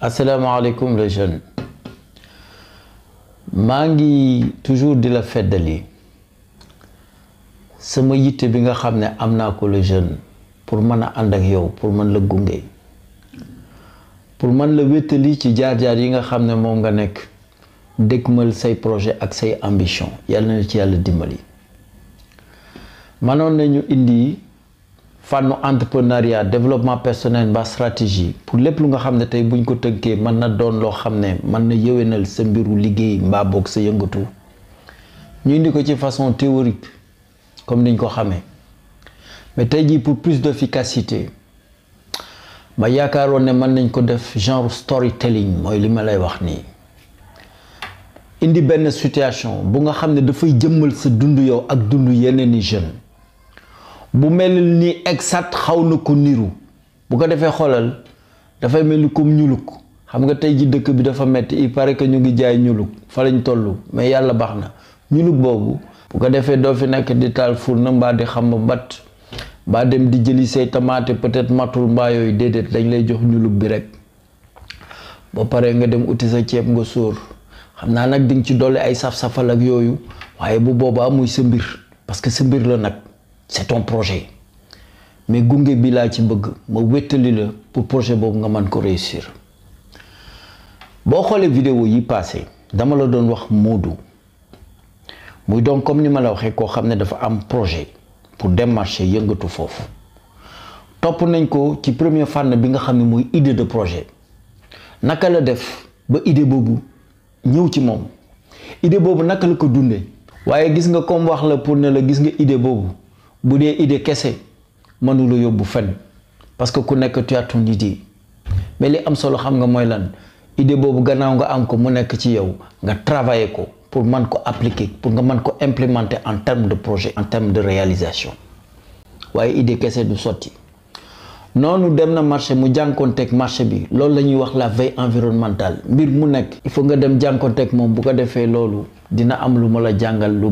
asalaamaaleykum les jeunes maa ngi toujours di la feddali sama yitte bi nga xam ne am naa ko les jeunes pour mën a ànd ak yow pour mën la gunge pour mën la wéttali ci jaar-jaar yi nga xam ne moom nga nekk dëkkmal say projet ak say ambition yàlla na ci yàlla dimbali manoon nañu indi entrepreneuriat développement personnel ma stratégie pour les lu nga xamné tay buñ ko man na doon ne na yewenal sa mbiru façon théorique comme niñ ko mais pour plus d'efficacité ma yaakaaroon man nañ def genre storytelling moy li ma lay wax ni indi situation bu nga xamné bu mel ni exact xawna ko niru bu ko xolal da fay mel ni comme ñuluk xam nga tay ji dekk bi dafa metti il paraît que ñu ngi jaay ñuluk fa lañ tollu mais yalla baxna ñuluk bobu bu ko defé do fi nek di furna mba di xam bat ba dem di jëli say tamaate peut-être matul mba yoy dedet dañ lay jox ñuluk bi rek bo paré nga dem uti sa ciép nga sour xamna naa ding ci dolé ay saf-safal ak yoyu waye bu boba muy sembir, paske parce que sembir la nak c'est ton projet mais Gungé bi laa ci bëgg projet pour projet pour nga ko réussir vidéo yi passé dama la doon wax Modou donc comme ni ma la projet pour démarcher Top nañ ko ci premier fan bi nga idée de projet naka def ba idée bobu ñëw ci mom idée bobu ko comme wax pour ne la gis nga idée si vous idée kese vous yobou dis. parce que ku que tu as ton idée mais li am solo xam nga idée bobu gannaaw nga am ko mu travailler pour appliquer pour nga implémenter en termes de projet en termes de réalisation waye idée kese du sotti nous dem na marché mu le marché bi loolu lañuy wax la veille environnementale mbir mu il faut nga dem ak mom bu ko dina am lu la lu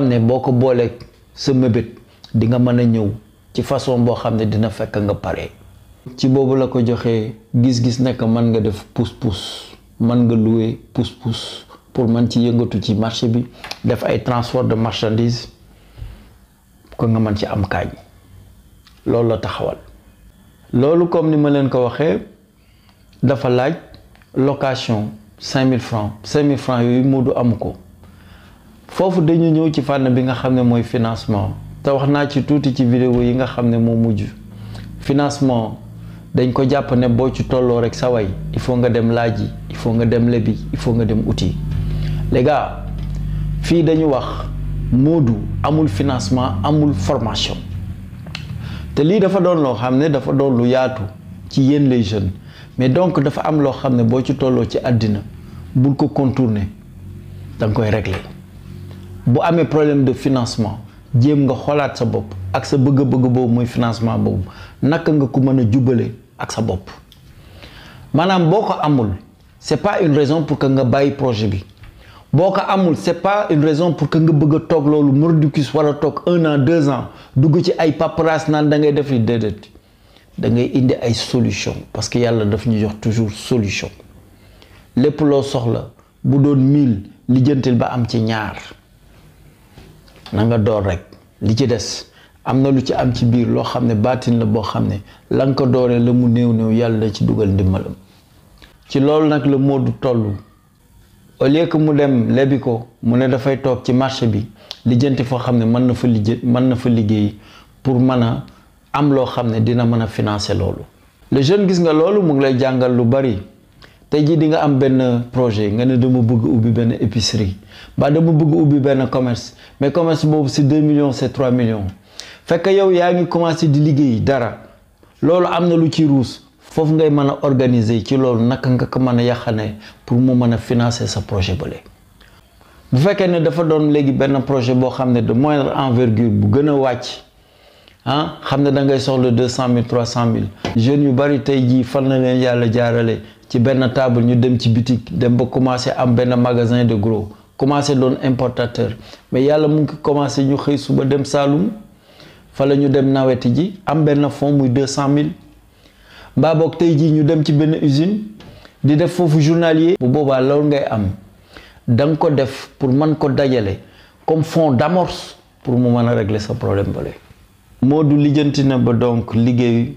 ne sa mébét di nga mën a ñëw ci façon boo xam ne dina fekk nga pare. ci boobu la ko joxee gis-gis nekk mën nga def pousse-pousse mën nga louer pousse-pousse pour mën ci yëngatu ci marché bi def ay transport de marchandise ko nga mën ci am kaañ loolu la taxawal. loolu comme ni ma leen ko waxee dafa laaj location mille francs 5000 francs yooyu Modou amu ko. foofu dañu ñëw ci fànn bi nga xam ne mooy financement te wax naa ci tuuti ci vidéo yi nga xam ne moo mujj financement dañ ko jàpp ne boo ci tolloo rek sa way il faut nga dem laaj yi il faut nga dem lebi il faut nga dem uti les fii dañu wax moodu amul financement amul formation te lii dafa doon loo xam ne dafa doon lu yaatu ci yéen les jeunes mais donc dafa am loo xam ne boo ci tolloo ci àddina bul ko contourner da nga koy régler bu mes problème de financement jéem nga sa ak sa bëgg financement de financement. nga ak sa ce n'est amul c'est pas une raison pour que nga un projet bi de amul c'est pas une raison pour que nga bëgg a de un an deux ans dugg ci ay paperasse solution parce que y daf ñu toujours solution vous avez, soxla bu doon mille ba na nga door rek li ci des am na lu ci am ci biir loo xam ne baatin la boo xam ne la ko dooree la mu néew néew yàlla ci dugal ndimbalam ci loolu nag la moo toll au lieu que mu dem lebi ko mu ne dafay toog ci marché bi lijjanti foo xam ne mën na fa lijjë mën na fa liggéey pour mën a am loo xam ne dina mën a financer loolu le jeune gis nga loolu mu ngi lay jàngal lu bari tey di nga am ben projet nga ne dama bëgg ubi ben épicerie mbaa dama bëgg ubi ben commerce mais commerce boobu ci 2 millions c'est 3 millions fekk yow yaa ngi commencé di liggéey dara loolu amna lu ci ruus fofu ngay mëna organiser ci loolu naka nga ko mëna a pour mu mëna financer sa projet bële bu fekkee ne dafa doon légui ben projet bo xamné de moindre envergure bu gëna wacc wàcc ah, xamné da ngay soxla 200000 300000 jeune yu bari tey jii fan na len yalla jaarale ci benn table ñu dem ci boutique dem ba commencé am benn magasin de gros commencé doon importateur mais yàlla mu ngi commencé ñu xëy suba dem saalum fa la ñu dem naweti ji am benn fonds muy deux cent mille mbaa boog tey jii ñu dem ci benn usine di def foofu yi bu boobaa loolu ngay am da nga ko def pour mën ko dajale comme fonds d'amorce pour mu mën a régler sa problème bële. Modou lijjanti na ba donc liggéey.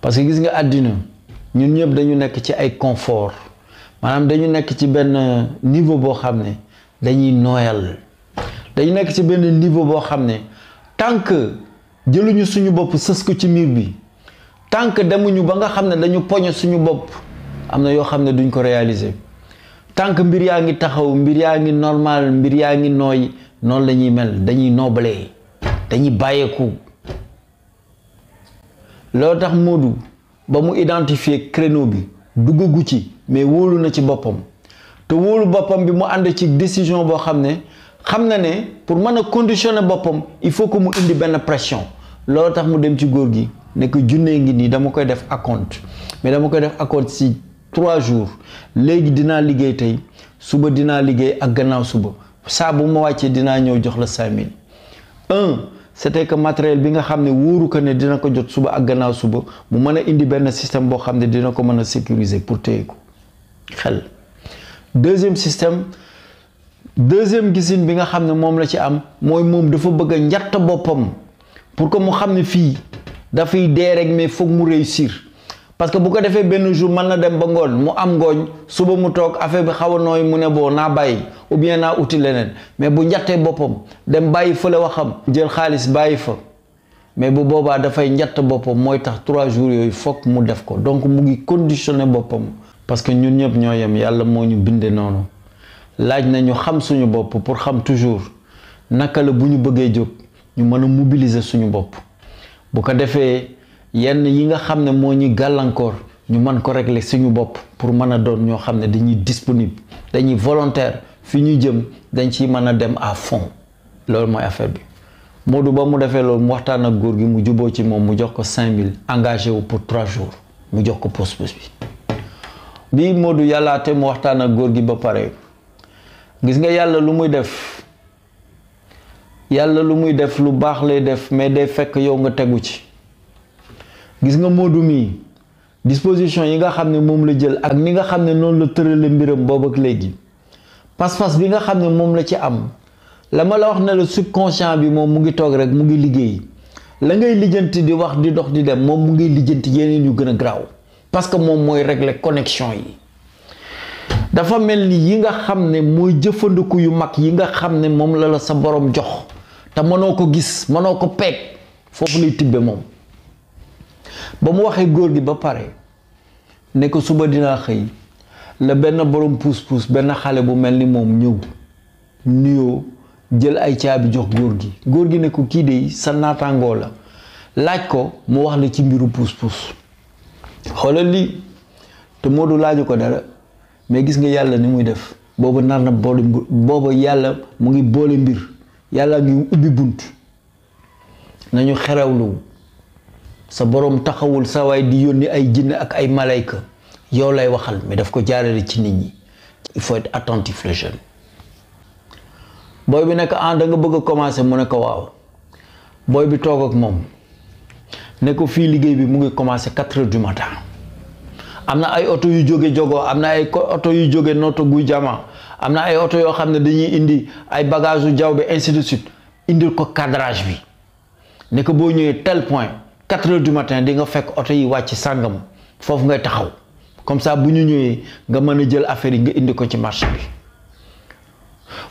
parce que gis nga àddina ñun ñëpp dañu nekk ci ay confort maanaam dañu nekk ci benn niveau boo xam ne dañuy nooyal dañu nekk ci benn niveau boo xam ne tant que jëluñu suñu bopp sës ko ci miir bi tant que demuñu ba nga xam ne dañu poñe suñu bopp am na yoo xam ne duñ ko réaliser tànk mbir yaa ngi taxaw mbir yaa ngi normal mbir yaa ngi nooy noonu lañuy ñuy mel dañuy noobalee dañuy bàyyeeku loolu tax Modou ba mu identifier créneau bi duggagu ci mais wóolu na ci boppam te wóolu boppam bi mu ànd ci décision boo xam ne xam na ne pour mën a conditionner boppam il faut que mu indi benn pression loolu tax mu dem ci góor gi nekk ko junnee ngi nii dama koy def acompte mais dama koy def acompte si trois jours léegi dinaa liggéey tey suba dinaa liggéey ak gannaaw suba saa bu ma wàccee dinaa ñëw jox la cinq mille c'était que matériel bi nga xam ne wóoru ko ne dina ko jot suba ak gannaaw suba mu mën a indi benn système boo xam ne dina ko mën a sécuriser pour téye ko xel deuxième système deuxième gisin bi nga xam ne moom la ci am mooy moom dafa bëgg a boppam pour que mu xam ne fii dafay dee rek mais foog mu réussir parce que bu ko defee benn jour mën na dem ba ngoon mu am ngooñ suba mu toog affaire bi xaw a nooy mu ne boo naa bàyyi ou bien naa uti leneen mais bu njattee boppam dem bàyyi fële waxam jël xaalis bàyyi fa mais bu boobaa dafay njatt boppam mooy tax trois jours yooyu foog mu def ko donc mu ngi conditionné boppam parce que ñun ñëpp ñoo yem yàlla moo ñu bindee noonu laaj na ñu xam suñu bopp pour xam toujours naka la bu ñu bëggee jóg ñu mën a mobiliser suñu bopp bu ko yenn yi nga xam ne moo ñu gàllankoor ñu mën ko régler suñu bopp pour mën a doon ñoo xam ne dañuy disponible dañuy volontaire fi ñu jëm dañ ciy mën a dem à fond loolu mooy affaire bi Modou ba mu defee loolu mu waxtaan ak góor gi mu juboo ci moom mu jox ko 5000 engagé wu pour 3 jours mu jox ko pos pos bi bii Modou yàllaate mu waxtaan ak góor gi ba pare gis nga yàlla lu muy def yàlla lu muy def lu baax lay def mais day fekk yow nga tegu ci. gis nga Modou mii disposition yi nga xam ne moom la jël ak ni nga xam ne noonu la tërale mbiram boobu ak léegi pas-pas bi nga xam ne moom la ci am la ma la wax ne la subconscient bi moom mu ngi toog rek mu ngi liggéey la ngay lijjanti di wax di dox di dem moom mu ngi lijjanti yeneen yu gën a garaaw parce que moom mooy régler connexion yi dafa mel ni yi nga xam ne mooy jëfandiku yu mag yi nga xam ne moom la la sa borom jox te mënoo ko gis mënoo ko peeg foofu lay tibbe moom ba mu waxee góor gi ba pare ne ko suba dinaa xëy la benn borom puus-puus benn xale bu mel ni moom ñëw nuyoo jël ay caabi jox góor gi góor gi ne ko kii de sa naataangoo la laaj ko mu wax la ci mbiru puus-puus xoolal lii te Modou laaju ko dara mais gis nga yàlla ni muy def booba nar na boole mbir booba yàlla mu ngi boole mbir yàlla ngi ubbi bunt nañu xerewlu sa borom taxawul sa waay di yónni ay jinne ak ay malayka yow lay waxal mais daf ko jaarale ci nit ñi il faut être attentif booy bi nekk ah da bëgg a commencer mu ne ko waaw booy bi toog ak moom ne ko fii liggéey bi mu ngi commencer quatre heures du matin am na ay oto yu jóge jogo am na ay oto yu jóge noto guy jama am na ay oto yoo xam ne dañuy indi ay bagage u jaww bi ainsi suite indil ko cadrage bi ne ko boo ñëwee tel point quatre heures du matin di nga fekk oto yi wàcc sàngam foofu ngay taxaw comme sax bu ñu ñëwee nga mën a jël affaire yi nga indi ko ci marché bi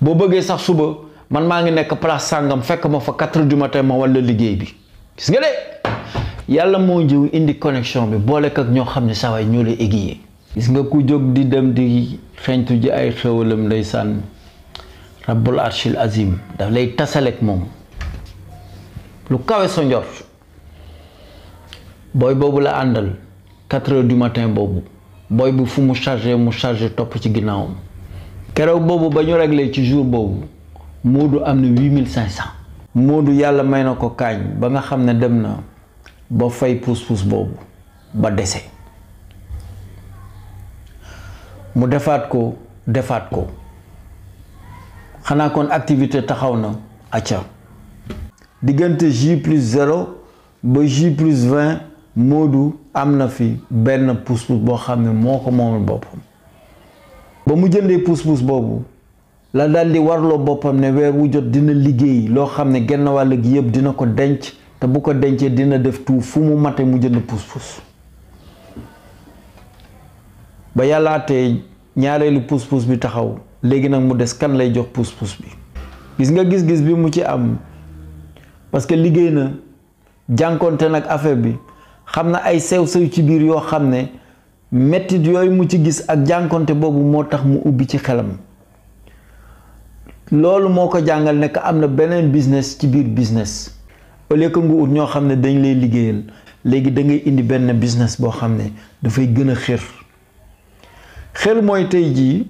boo bëggee sax suba man maa ngi nekk place sàngam fekk ma fa quatre heures du matin ma walla liggéey bi gis nga de yàlla moo jiw indi connexion bi boole ak ñoo xam ne saa waay ñoo lay aiguiller. gis nga ko jóg di dem di xeeñtu ji ay xéwalam ndeysaan rabbul arshil azim daf lay tasaleek moom lu kawe sa booy boobu la àndal quatre heures du matin boobu booy bu fu mu chargé mu chargé topp ci ginnaawam keroog boobu ba ñu réglé ci jour boobu Moodu am na huit mille cinq cent Moodu yàlla may na ko kaañ ba nga xam ne dem na ba fay puus-puus boobu ba dese mu defaat ko defaat ko xanaa kon activité taxaw na acca diggante J plus zéro ba J plus Modou am na fi benn pousse-pousse boo xam ne moo ko moomal boppam ba mu jëndee pousse-pousse boobu la di warloo boppam ne weer wu jot dina liggéey loo xam ne genn wàll gi yëpp dina ko denc te bu ko dencee dina def tout fu mu mate mu jënd pousse-pousse ba yàllaatee ñaareelu pousse-pousse bi taxaw léegi nag mu des kan lay jox pousse-pousse bi gis nga gis-gis bi mu ci am parce que liggéey na jànkoonte nag affaire bi xam na ay sew-sew ci biir yoo xam ne mettit yooyu mu ci gis ak jànkonte boobu moo tax mu ubbi ci xelam loolu moo ko jàngal ne am na beneen business ci biir business au lieu nga ut ñoo xam ne dañ lay liggéeyal léegi dangay indi benn business boo xam ne dafay gën a xër xel mooy tey jii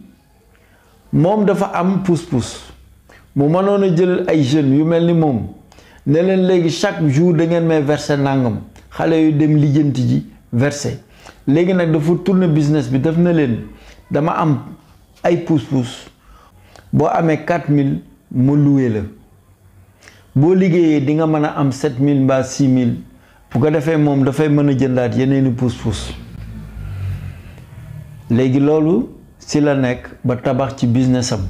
moom dafa am pousse-pousse mu mënoon a jël ay jeunes yu mel ni moom ne leen léegi chaque jour da ngeen may verser nangam xale yu dem lijjanti ji versé léegi nag dafa tourner business bi def na leen dama am ay pousse-pousse boo amee 4000 ma loué la boo liggéeyee di nga mën a am 7000 mbaa 6000 bu ko defee moom dafay mën a jëndaat yeneeni pousse-pousse léegi loolu si la nekk ba tabax ci businessam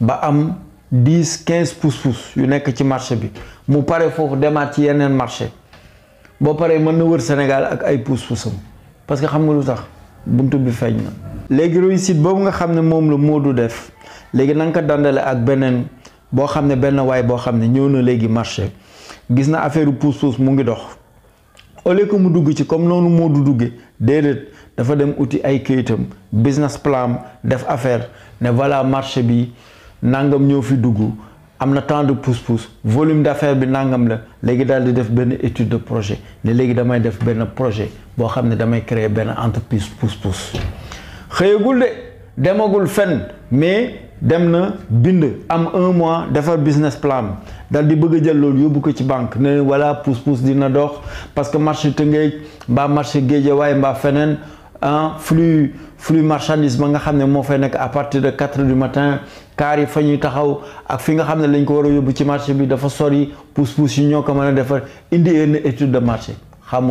ba am dix quinze pouce pouce yu nekk ci marché bi mu pare foofu demaat ci yeneen marché boo paree mën na wër Sénégal ak ay pouce pouceam parce que xam nga lu sax buntu bi feeñ na. léegi réussite boobu nga xam ne moom la moo du def léegi na nga ko dandale ak beneen boo xam ne benn waay boo xam ne ñëw na léegi marché gis na affaire pousse pousse mu ngi dox au ko mu dugg ci comme noonu moo du duggee déedéet dafa dem uti ay kayitam business plan def affaire ne voilà marché bi. nangam ñoo fi dugg amna temps de pousse-pousse volume d'affaires bi nangam la légui daal di def ben étude de projet né légui damay def ben projet bo xamné damay créer ben entreprise pousse-pousse xeyegul de demagul fenn mais dem na bind am un mois defar business plan dal di bëgg a jël loolu yóbbu ko ci banque ne voilà pousse-pousse dina dox parce que marché Tëngéej mbaa marché Géejawaay mbaa feneen. Un hein, flux flux marchandise nga à partir de 4 du matin Car yi taxaw ak fi nga xamné ko wara a ci marché bi dafa sori une étude de marché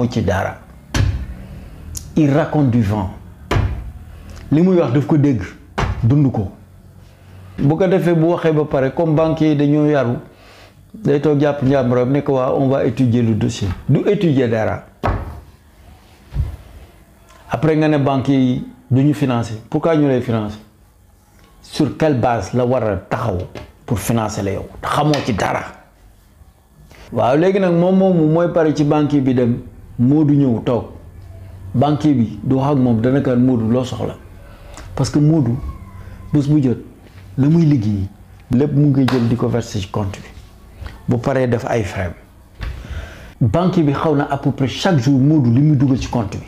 ci dara il raconte du vent li muy wax daf ko dégg dund ko bu ko bu ba comme banquier de dañoo yaru on va étudier le dossier du étudier dara après nga ne banques yi du ñu financer pourquoi ñu lay financer sur quelle base la war a taxaw pour financer la yow xamoo ci dara. waaw léegi nag moom moomu mooy pare ci banque bi dem Moodu ñëw toog banque bi du wax ak moom dana kan Moodu loo soxla parce que Moodu bés bu jot la muy liggéey lépp mu ngi jël di ko verser ci compte bi bu paree def ay frais banque bi xaw na à chaque jour Moodu li muy dugal ci compte bi.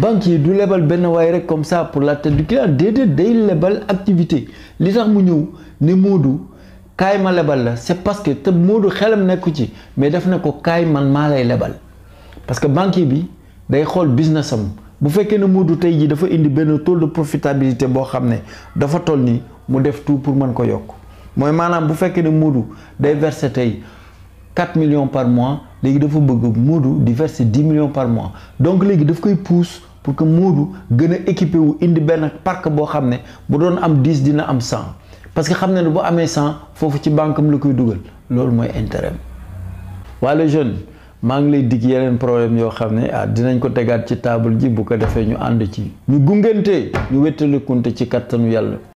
banque du label ben waay rek comme ça pour la tête du client déedéet day label activité li tax mu ñëw ne modou kayma label la c'est parce que te modou xelam nekku ci mais daf ne ko kaay man maa lay parce que banque bi day xol business am bu fekkee ne modou tey jii dafa indi ben taux de profitabilité bo xamne dafa toll ni mu def tout pour man ko yok moy manam bu fekkee ne Moodu day verser tay 4 millions par mois les dafa bëgg Moodu di verser 10 millions par mois donc les daf koy pousse. pour que Moodu gën a équipé wu indi benn parc boo xam ne bu doon am dix dina am cent parce que xam ne ne bu amee cent foofu ci banque am la koy dugal loolu mooy intérêt waaye le jeune maa ngi lay dig yeneen problème yoo xam ne ah dinañ ko tegaat ci table ji bu ko defee ñu ànd ci ñu gungante ñu wettalikunte ci kattanu yàlla